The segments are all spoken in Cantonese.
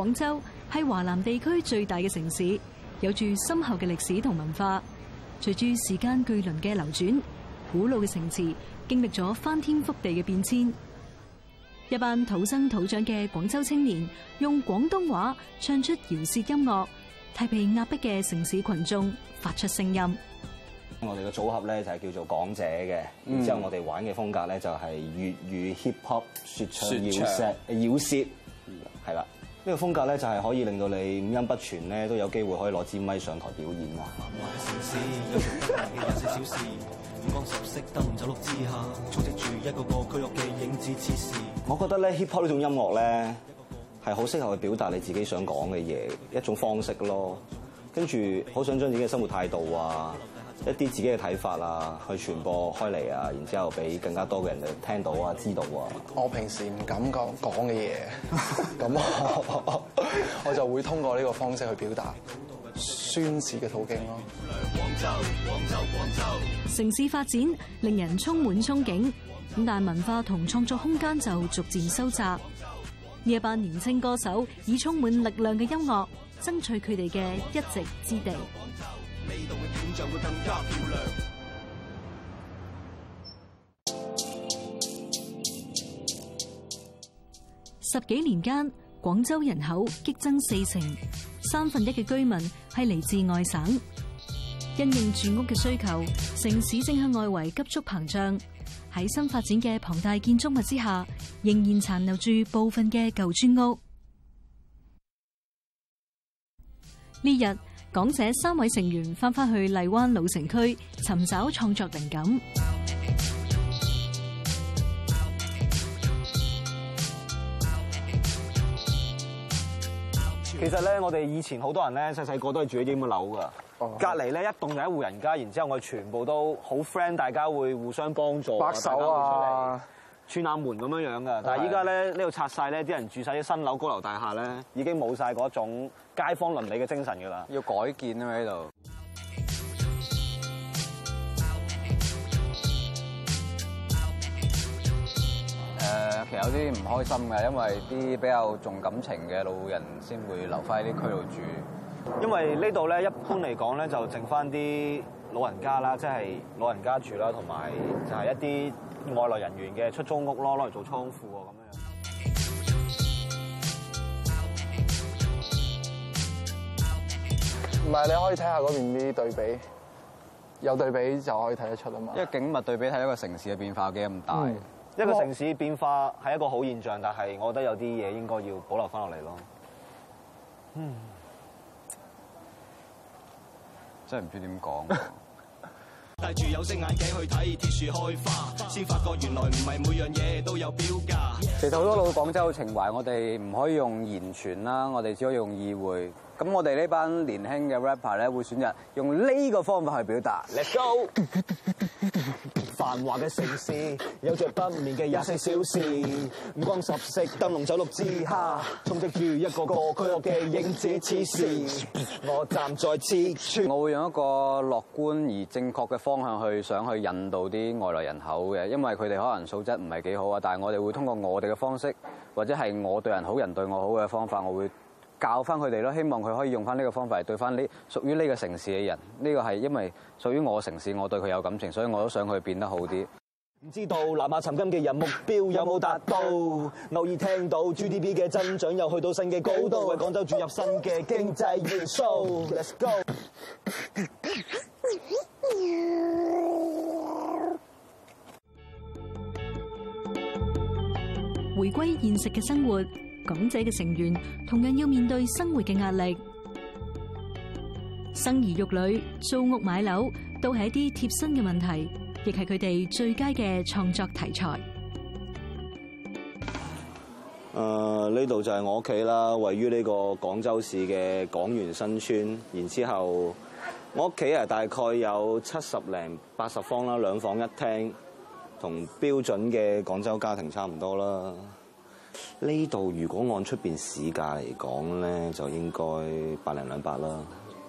廣州係華南地區最大嘅城市，有住深厚嘅歷史同文化。隨住時間巨輪嘅流轉，古老嘅城池經歷咗翻天覆地嘅變遷。一班土生土長嘅廣州青年用廣東話唱出饒舌音樂，替被壓迫嘅城市群眾發出聲音。我哋嘅組合咧就係叫做講者嘅，嗯、然之後我哋玩嘅風格咧就係粵語 hip hop 說唱說唱饒舌，饒舌係啦。呢個風格咧，就係可以令到你五音不全咧，都有機會可以攞支咪上台表演啊！我覺得咧，hip hop 呢種音樂咧，係好適合去表達你自己想講嘅嘢，一種方式咯。跟住，好想將自己嘅生活態度啊，一啲自己嘅睇法啊，去傳播開嚟啊，然之後俾更加多嘅人嚟聽到啊、知道啊。我平時唔敢講嘅嘢，咁 我，我就會通過呢個方式去表達宣示嘅途徑咯。城市發展令人充滿憧憬，咁但文化同創作空間就逐漸收窄。夜班年青歌手以充滿力量嘅音樂爭取佢哋嘅一席之地。十幾年間，廣州人口激增四成，三分一嘅居民係嚟自外省。因應住屋嘅需求，城市正向外圍急速膨脹。喺新發展嘅龐大建築物之下，仍然殘留住部分嘅舊村屋。呢日。講者三位成員翻返去荔灣老城區，尋找創作靈感。其實咧，我哋以前好多人咧細細個都係住喺啲咁嘅樓噶，哦，隔離咧一棟有一戶人家，然之後我哋全部都好 friend，大家會互相幫助，白手啊！串下門咁樣樣㗎，但係依家咧呢度是的 拆晒，咧，啲人住晒啲新樓高樓大廈咧，已經冇晒嗰種街坊鄰里嘅精神㗎啦。要改建啊！呢度誒，其實有啲唔開心嘅，因為啲比較重感情嘅老人先會留返喺啲區度住。因為呢度咧一般嚟講咧就剩返啲老人家啦，即係老人家住啦，同埋就係一啲外來人員嘅出租屋咯，攞嚟做倉庫喎，咁樣樣。唔係，你可以睇下嗰邊啲對比，有對比就可以睇得出啊嘛。因為景物對比睇一個城市嘅變化，有幾咁大。嗯。一個我城市變化係一個好現象，但係我覺得有啲嘢應該要保留翻落嚟咯。嗯，真係唔知點講。 戴住有色眼鏡去睇鐵樹開花，先發覺原來唔係每樣嘢都有標價。其實好多老廣州嘅情懷，我哋唔可以用言傳啦，我哋只可以用意會。咁我哋呢班年輕嘅 rapper 咧，會選擇用呢個方法去表達。Let's go！繁華嘅城市，有着不眠嘅廿四小時，五光十色，燈紅酒綠之下，充斥住一個個區嘅影子。此時我站在此處，我會用一個樂觀而正確嘅方向去，想去引導啲外來人口嘅，因為佢哋可能素質唔係幾好啊，但係我哋會通過我哋嘅方式，或者係我對人好人對我好嘅方法，我會。教翻佢哋咯，希望佢可以用翻呢個方法嚟對翻呢屬於呢個城市嘅人。呢個係因為屬於我嘅城市，我對佢有感情，所以我都想佢變得好啲。唔知道南亞尋金嘅人目標有冇達到？偶爾聽到 GDP 嘅增長又去到新嘅高度，為廣州注入新嘅經濟元素。Let's go。回歸現實嘅生活。講者嘅成員同樣要面對生活嘅壓力，生兒育女、租屋買樓都係一啲貼身嘅問題，亦係佢哋最佳嘅創作題材。誒、呃，呢度就係我屋企啦，位於呢個廣州市嘅廣元新村。然之後我屋企啊，大概有七十零八十方啦，兩房一廳，同標準嘅廣州家庭差唔多啦。呢度如果按出邊市價嚟講咧，就應該百零兩百啦，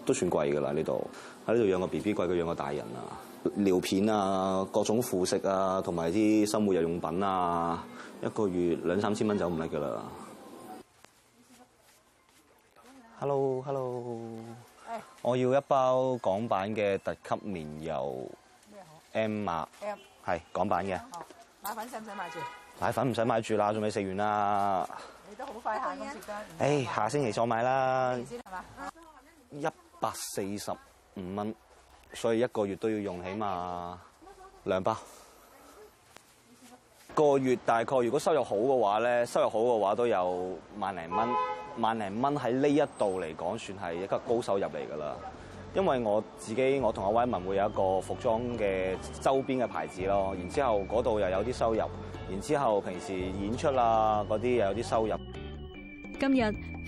都算貴噶啦。呢度喺呢度養個 B B 貴過養個大人啊，尿片啊，各種輔食啊，同埋啲生活日用品啊，一個月兩三千蚊走唔甩噶啦。Hello，Hello，我要一包港版嘅特級棉油，M 碼，係港版嘅，奶粉使唔使買住？奶粉唔使買住啦，仲未食完啦。你都好快下嘅時間。誒、嗯，哎、下星期再買啦。一百四十五蚊，所以一個月都要用，起碼兩包。個月大概，如果收入好嘅話咧，收入好嘅話都有萬零蚊，萬零蚊喺呢一度嚟講，算係一級高收入嚟㗎啦。因為我自己，我同阿威文會有一個服裝嘅周邊嘅牌子咯，然之後嗰度又有啲收入。然之後平時演出啊嗰啲又有啲收入。今日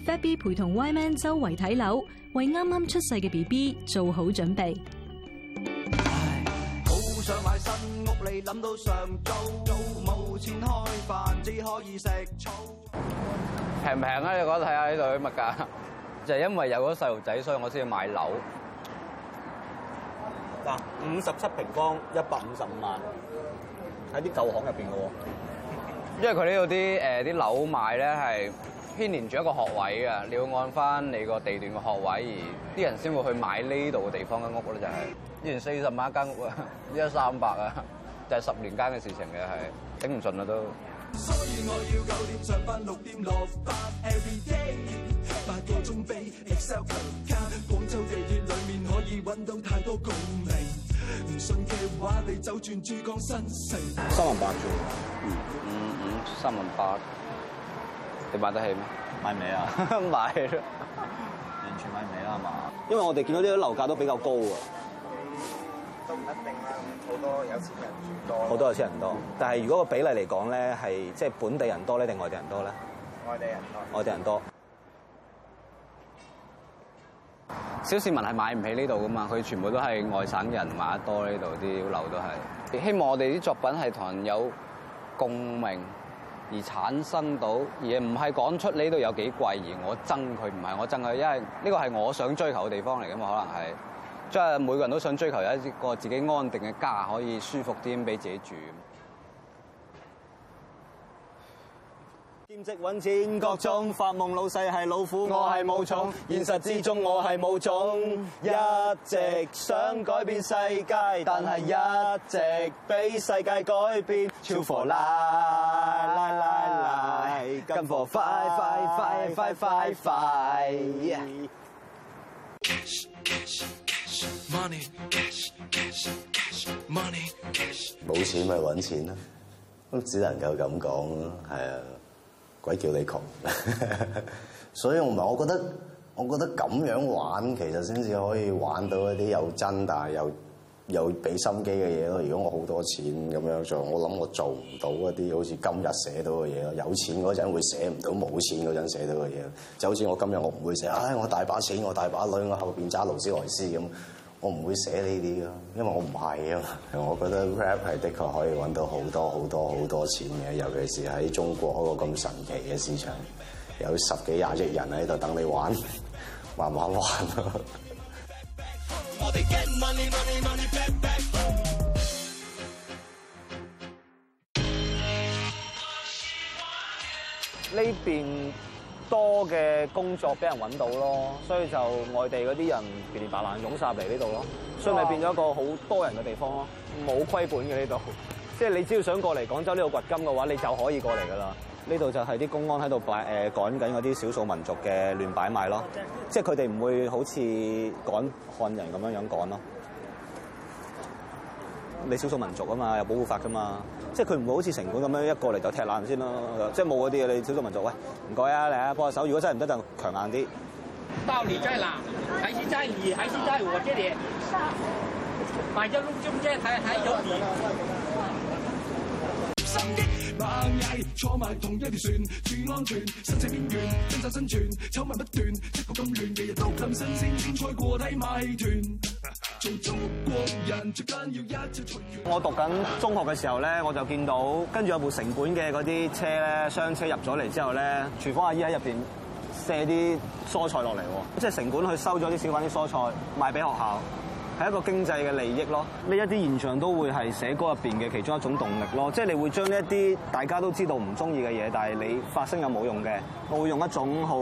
Fat B 陪同 Y Man 周圍睇樓，為啱啱出世嘅 BB 做好準備。好想買新屋，你諗到上租冇錢開飯，只可以食草，平唔平啊？你覺得睇下呢度啲物價。就係因為有咗細路仔，所以我先要買樓。嗱，五十七平方，一百五十五萬。喺啲舊巷入邊嘅喎，因為佢呢度啲誒啲樓賣咧係牽連住一個學位嘅，你要按翻你個地段嘅學位，而啲人先會去買呢度嘅地方嘅屋咧就係、是，以前四十萬一間屋啊，而家三百啊，就係、是、十年間嘅事情嘅係，頂唔順啦都。所以我要九點上班，六點落班。Everyday，八個鐘畀 Excel。卡廣州裡面可以搵到太多共鳴。唔信嘅話你就轉珠江新城。三萬八啫，嗯，五、嗯、五三萬八，你買得起咩？買唔起啊？ 買咯，完全買唔起啦嘛。因為我哋見到呢啲樓價都比較高啊。都唔一定啦，好多有錢人住多。好多有錢人多，但係如果個比例嚟講咧，係即係本地人多咧定外地人多咧？外地人多。外地人多。小市民係買唔起呢度噶嘛，佢全部都係外省人買得多，呢度啲樓都係。希望我哋啲作品係同人有共鳴，而產生到，而唔係講出呢度有幾貴，而我憎佢，唔係我憎佢，因為呢個係我想追求嘅地方嚟噶嘛，可能係，即係每個人都想追求有一個自己安定嘅家，可以舒服啲咁俾自己住。兼職揾錢，各種發夢，老細係老虎，我係冇種。現實之中，我係冇種，一直想改變世界，但係一直俾世界改變。超火來來來來，跟乎快快快快快快。Cash, cash, cash, money. Cash, cash, cash, money. 冇錢咪揾錢咯，都只能夠咁講咯，係啊。鬼叫你窮！ 所以我唔係，我覺得，我覺得咁樣玩其實先至可以玩到一啲有真但係又又俾心機嘅嘢咯。如果我好多錢咁樣做，我諗我做唔到一啲好似今日寫到嘅嘢咯。有錢嗰陣會寫唔到，冇錢嗰陣寫到嘅嘢。就好似我今日我唔會寫，唉、哎！我大把錢，我大把女，我，我後邊揸勞斯萊斯咁。我唔會寫呢啲咯，因為我唔係啊。我覺得 rap 係的確可以揾到好多好多好多錢嘅，尤其是喺中國嗰個咁神奇嘅市場，有十幾廿億人喺度等你玩，慢慢玩咯。呢 邊。多嘅工作俾人揾到咯，所以就外地嗰啲人冚唪唥湧晒入嚟呢度咯，所以咪變咗一個好多人嘅地方咯，冇虧本嘅呢度，即係你只要想過嚟廣州呢度掘金嘅話，你就可以過嚟㗎喇。呢度就係啲公安喺度擺誒、呃、趕緊嗰啲少數民族嘅亂擺賣咯，即係佢哋唔會好似趕漢人咁樣樣趕咯。你少數民族啊嘛，有保護法噶嘛，即係佢唔會好似城管咁樣一個過嚟就踢爛先咯，即係冇嗰啲嘢。你少數民族，喂，唔該啊，嚟啊，幫下手。如果真係唔得，就強硬啲。包麪真係難，睇先真二，睇先真活機靈，買只窿中啫，睇睇有冇。心機盲眼，坐埋同一條船，注意安全，生死邊緣，真實生存，醜聞不斷，直到咁亂，日日都咁新鮮，精彩過睇馬戲團。我讀緊中學嘅時候咧，我就見到跟住有部城管嘅嗰啲車咧，雙車入咗嚟之後咧，廚房阿姨喺入邊卸啲蔬菜落嚟，哦，即係城管去收咗啲小販啲蔬菜賣俾學校，係一個經濟嘅利益咯。呢一啲現象都會係寫歌入邊嘅其中一種動力咯，即係你會將呢一啲大家都知道唔中意嘅嘢，但係你發聲又冇用嘅，我會用一種好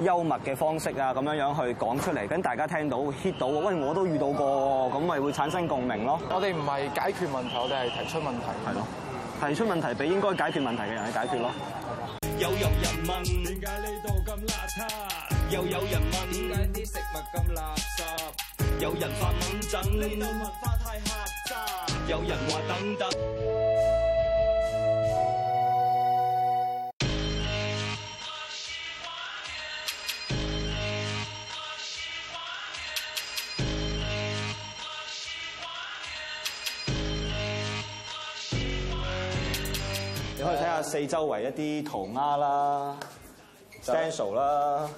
幽默嘅方式啊，咁樣樣去講出嚟，咁大家聽到 hit 到，喂，我都遇到過，咁咪會產生共鳴咯。我哋唔係解決問題，我哋係提出問題，係咯，提出問題俾應該解決問題嘅人去解決咯。有有人問點解呢度咁垃圾？又有人話點解啲食物咁垃圾？有人發矇憎呢度文化太狹窄？有人話等等。四周圍一啲塗鴉啦 stencil 啦，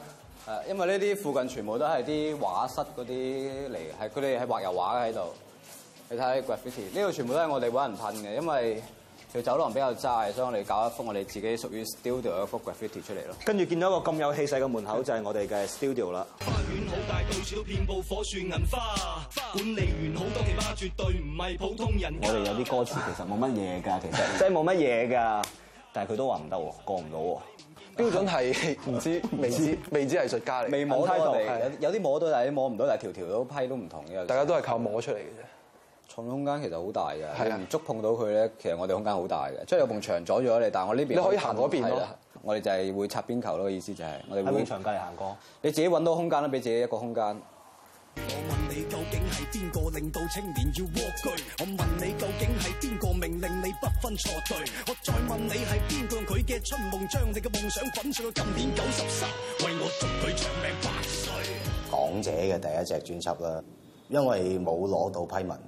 誒，因為呢啲附近全部都係啲畫室嗰啲嚟嘅，係佢哋係畫油畫喺度。你睇 graffiti 呢度全部都係我哋揾人噴嘅，因為條走廊比較窄，所以我哋搞一幅我哋自己屬於 studio 一幅 graffiti 出嚟咯。跟住見到一個咁有氣勢嘅門口就， 就係我哋嘅 studio 啦。我哋有啲歌詞其實冇乜嘢㗎，其實即係冇乜嘢㗎。但係佢都話唔得喎，過唔到喎。標準係唔知未知未知藝術家嚟，未摸到有啲摸到，但係啲摸唔到，但係條條都批都唔同嘅。大家都係靠摸出嚟嘅啫。重空間其實好大嘅，你唔觸碰到佢咧，其實我哋空間好大嘅。即係有埲牆阻咗你，但係我呢邊你可以行嗰邊。我哋就係會擦邊球咯，意思就係我哋喺埲牆隔離行過。你自己揾到空間啦，俾自己一個空間。我問你究竟係邊個令到青年要蝸居？我問你究竟係邊個命令你不分錯對？我再問你係邊個用佢嘅春夢將你嘅夢想粉碎，上到今年九十三，為我祝佢長命百歲。講者嘅第一隻專輯啦，因為冇攞到批文，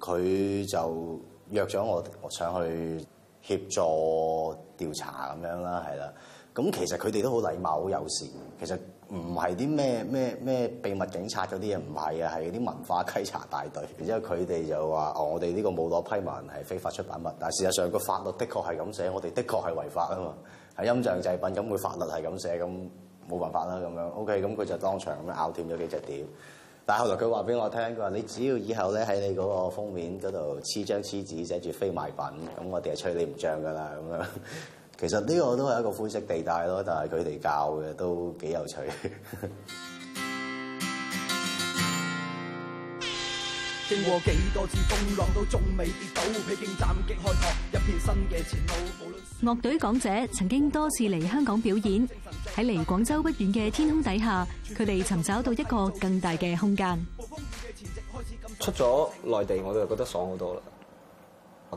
佢就約咗我，我上去協助調查咁樣啦，係啦。咁其實佢哋都好禮貌，好友善。其實。唔係啲咩咩咩秘密警察嗰啲嘢，唔係啊，係啲文化稽查大隊。然之後佢哋就話：哦，我哋呢個冇攞批文，係非法出版物。但事實上個法律的確係咁寫，我哋的確係違法啊嘛，係音像製品，咁個法律係咁寫，咁冇辦法啦咁樣。OK，咁佢就當場咁咬斷咗幾隻碟。但係後來佢話俾我聽，佢話你只要以後咧喺你嗰個封面嗰度黐張黐紙寫住非賣品，咁我哋係吹你唔脹㗎啦咁樣。 其實呢個都係一個灰色地帶咯，但係佢哋教嘅都幾有趣。經過幾多次風浪，都仲未跌倒，披荊斬棘，開拓一片新嘅前路。樂隊講者曾經多次嚟香港表演，喺離廣州不遠嘅天空底下，佢哋尋找到一個更大嘅空間。出咗內地我就覺得爽好多啦。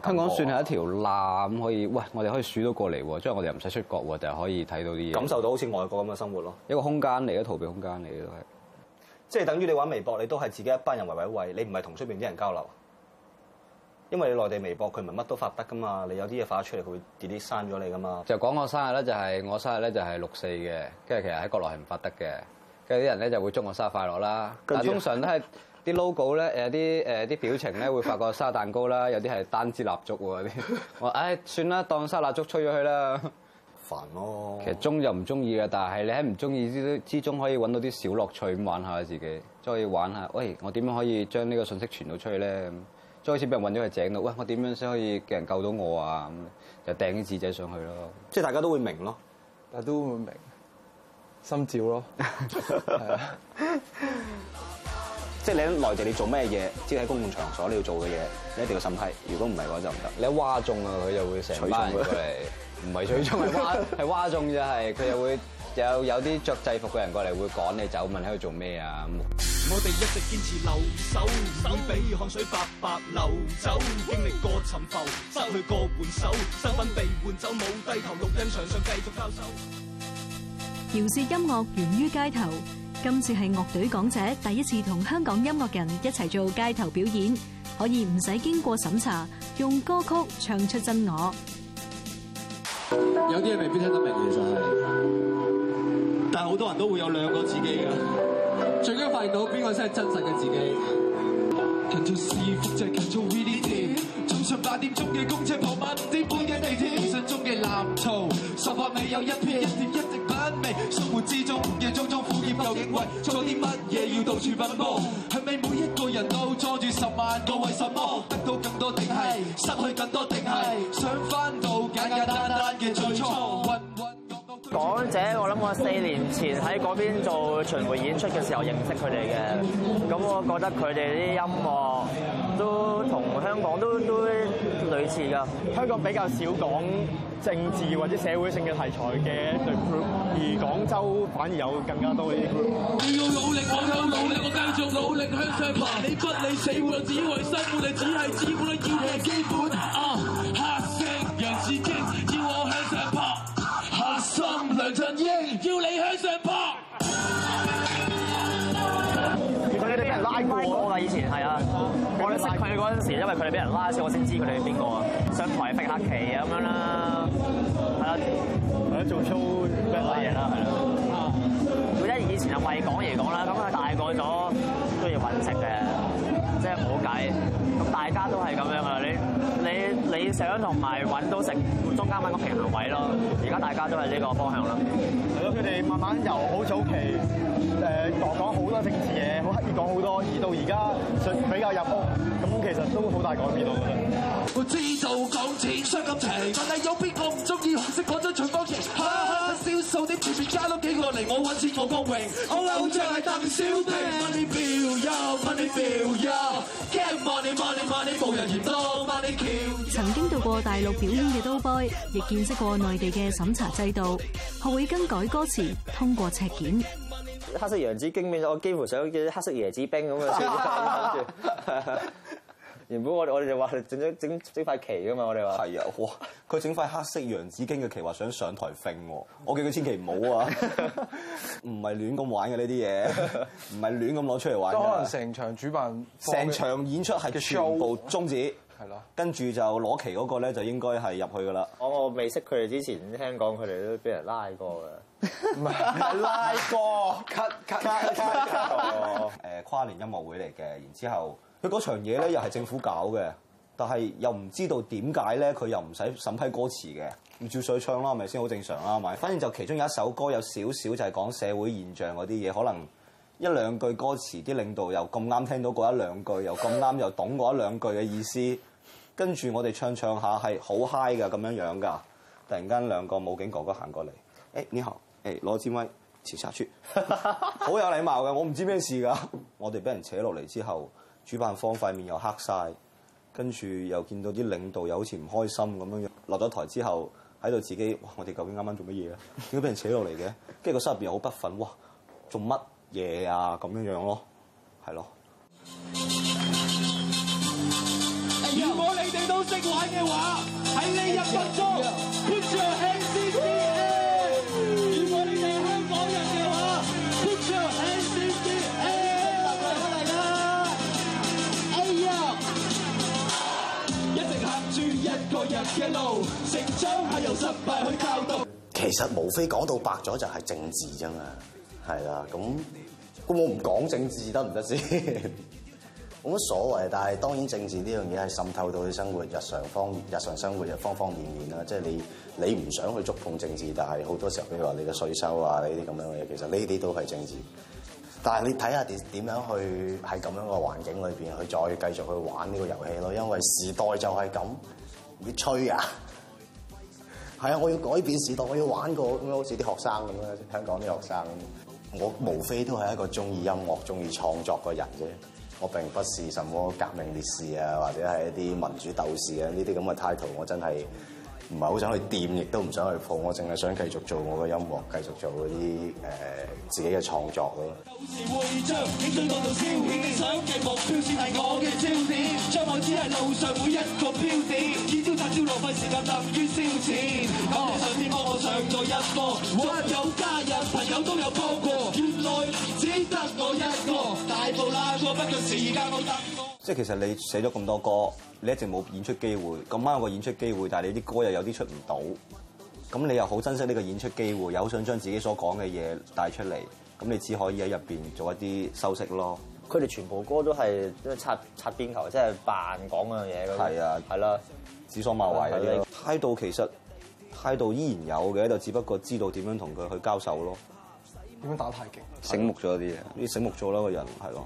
香港算係一條纜，可以喂，我哋可以數到過嚟喎，即係我哋又唔使出國喎，就係可以睇到啲嘢，感受到好似外國咁嘅生活咯。一個空間嚟嘅，逃避空間嚟嘅都係，即係等於你玩微博，你都係自己一班人圍圍喂，你唔係同出邊啲人交流，因為你內地微博佢唔係乜都發得噶嘛，你有啲嘢發出嚟佢會啲啲刪咗你噶嘛。就講我生日咧，就係我生日咧就係六四嘅，跟住其實喺國內係唔發得嘅，跟住啲人咧就會祝我生日快樂啦。嗱，通常都係。啲 logo 咧、呃，誒啲誒啲表情咧，會發個沙蛋糕啦，有啲係單支蠟燭喎啲， 我話唉、哎，算啦，當沙蠟燭吹咗去啦，煩咯了。其實中又唔中意嘅，但係你喺唔中意之中，可以揾到啲小樂趣咁玩，玩下自己，即可以玩下。喂，我點樣可以將呢個信息傳到出去咧？即開始俾人揾咗係井度，喂，我點樣先可以叫人救到我啊？咁就掟啲字仔上去咯。即係大家都會明咯，大家都會明心照咯。係啊。即係你喺內地，你做咩嘢？即係喺公共場所你要做嘅嘢，你一定要審批。如果唔係嘅話，就唔得。你嘩眾啊，佢就會成班人過嚟。唔係取締，係嘩係嘩眾就係，佢又會有有啲着制服嘅人過嚟會趕你走，問喺度做咩啊？ 今次係樂隊講者第一次同香港音樂人一齊做街頭表演，可以唔使經過審查，用歌曲唱出真我。有啲嘢未必聽得明，其實係，但係好多人都會有兩個自己㗎。最終發現到邊個先係真實嘅自己？生活之中，嘅種種苦澀究竟為咗啲乜嘢要到處奔波，係咪每一個人都裝住十萬個為什麼？得到更多定係失去更多定係想翻到簡簡單單嘅最初？講者，我諗我四年前喺嗰邊做巡迴演出嘅時候認識佢哋嘅，咁我覺得佢哋啲音樂都同香港都都。類似㗎，香港比較少講政治或者社會性嘅題材嘅 group，而廣州反而有更加多啲 group。你要努力，我有努力，我繼續努力向上爬，你不理死活，只為生活，你只係資本，你要嘅基本，啊。嗰陣時，因為佢哋俾人拉，所以我先知佢哋係邊個啊！上台逼黑棋咁樣啦，係啊，做操咩嘢啦，係啦。記得以前係為講而講啦，咁啊大個咗都要揾食嘅，即係唔好計。咁大家都係咁樣嘅你。你你想同埋揾到食，中間揾個平衡位咯。而家大家都係呢個方向啦。係咯，佢哋慢慢由好早期，誒講講好多政治嘢，好刻意講好多，而到而家就比較入屋，咁其實都好大改變咯。我知道講錢傷感情，但係有邊個唔中意紅色嗰張秦方旗？哈哈笑。 曾經到過大陸表演嘅刀 boy，亦見識過內地嘅審查制度，學會更改歌詞，通過尺檢。黑色洋紫荊面，我幾乎想叫黑色椰子冰咁啊！ 原本我哋我哋就話整張整整塊旗噶嘛，我哋話係啊，哇！佢整塊黑色洋紫荊嘅旗，話想上台揈，我叫佢千祈唔好啊，唔係亂咁玩嘅呢啲嘢，唔係亂咁攞出嚟玩。都可能成場主辦，成場演出係全部中止。係咯，跟住就攞旗嗰個咧，就應該係入去㗎啦。我我未識佢哋之前，聽講佢哋都俾人拉過㗎。唔係，唔係拉過，咳咳咳咳咳。誒跨年音樂會嚟嘅，然之後。佢嗰場嘢咧，又係政府搞嘅，但係又唔知道點解咧，佢又唔使審批歌詞嘅，唔照水唱啦，係咪先好正常啦？咪，反正就其中有一首歌，有少少就係講社會現象嗰啲嘢，可能一兩句歌詞，啲領導又咁啱聽到嗰一兩句，又咁啱又懂嗰一兩句嘅意思，跟住我哋唱唱下係好嗨㗎咁樣樣噶。突然間兩個武警哥哥行過嚟，誒、 欸、你好，誒攞支咪，朝沙吹， 好有禮貌嘅，我唔知咩事噶。我哋俾人扯落嚟之後。主辦方塊面又黑晒，跟住又見到啲領導又好似唔開心咁樣樣。落咗台之後，喺度自己，哇！我哋究竟啱啱做乜嘢啊？點解俾人扯落嚟嘅？跟住個心入邊又好不忿，哇！做乜嘢啊？咁樣樣咯，係咯。如果你哋都識玩嘅話，喺呢一分鐘。失敗去教導，其實無非講到白咗就係政治啫嘛，係啦，咁我唔講政治得唔得先？冇乜 所謂，但係當然政治呢樣嘢係滲透到你生活日常方日常生活嘅方方面面啦。即係你你唔想去觸碰政治，但係好多時候譬如話你嘅稅收啊呢啲咁樣嘅嘢，其實呢啲都係政治。但係你睇下點點樣去喺咁樣嘅環境裏邊去再繼續去玩呢個遊戲咯，因為時代就係咁，你吹啊！係啊！我要改變時代，我要玩個咁好似啲學生咁樣，香港啲學生。我無非都係一個中意音樂、中意創作嘅人啫。我並不是什麼革命烈士啊，或者係一啲民主鬥士啊，呢啲咁嘅 title，我真係。唔係好想去掂亦都唔想去碰，我淨係想繼續做我嘅音樂繼續做嗰啲誒自己嘅創作咯。有時會將你對我做超理想嘅目標先係我嘅焦點，將來， 只係路上每一個標點，見招拆招，浪費時間等於消遣上天幫我上咗一課，我有家人朋友都有放過，原來只得我一個。大步啦，過唔過時間冇得過 即係其實你寫咗咁多歌，你一直冇演出機會。咁啱有個演出機會，但係你啲歌又有啲出唔到。咁你又好珍惜呢個演出機會，又好想將自己所講嘅嘢帶出嚟。咁你只可以喺入邊做一啲修飾咯。佢哋全部歌都係都係擦擦邊球，即係扮講嗰樣嘢嘅。係啊，係啦，指桑罵槐嗰啲。啊啊、態度其實態度依然有嘅，就只不過知道點樣同佢去交手咯。點樣打太極？啊、醒目咗啲嘅，啲醒目咗啦個人，係咯。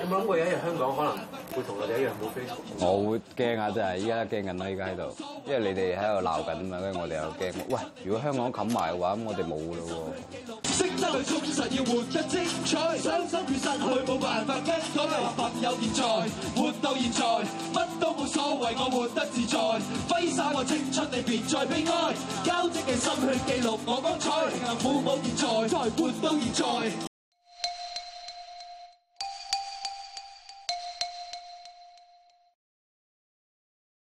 有冇諗過有一日香港可能會同我哋一樣冇飛？我會驚啊！真係，依家驚緊啦！依家喺度，因為你哋喺度鬧緊啊嘛，跟住我哋又驚。喂，如果香港冚埋嘅話，咁我哋冇噶咯喎。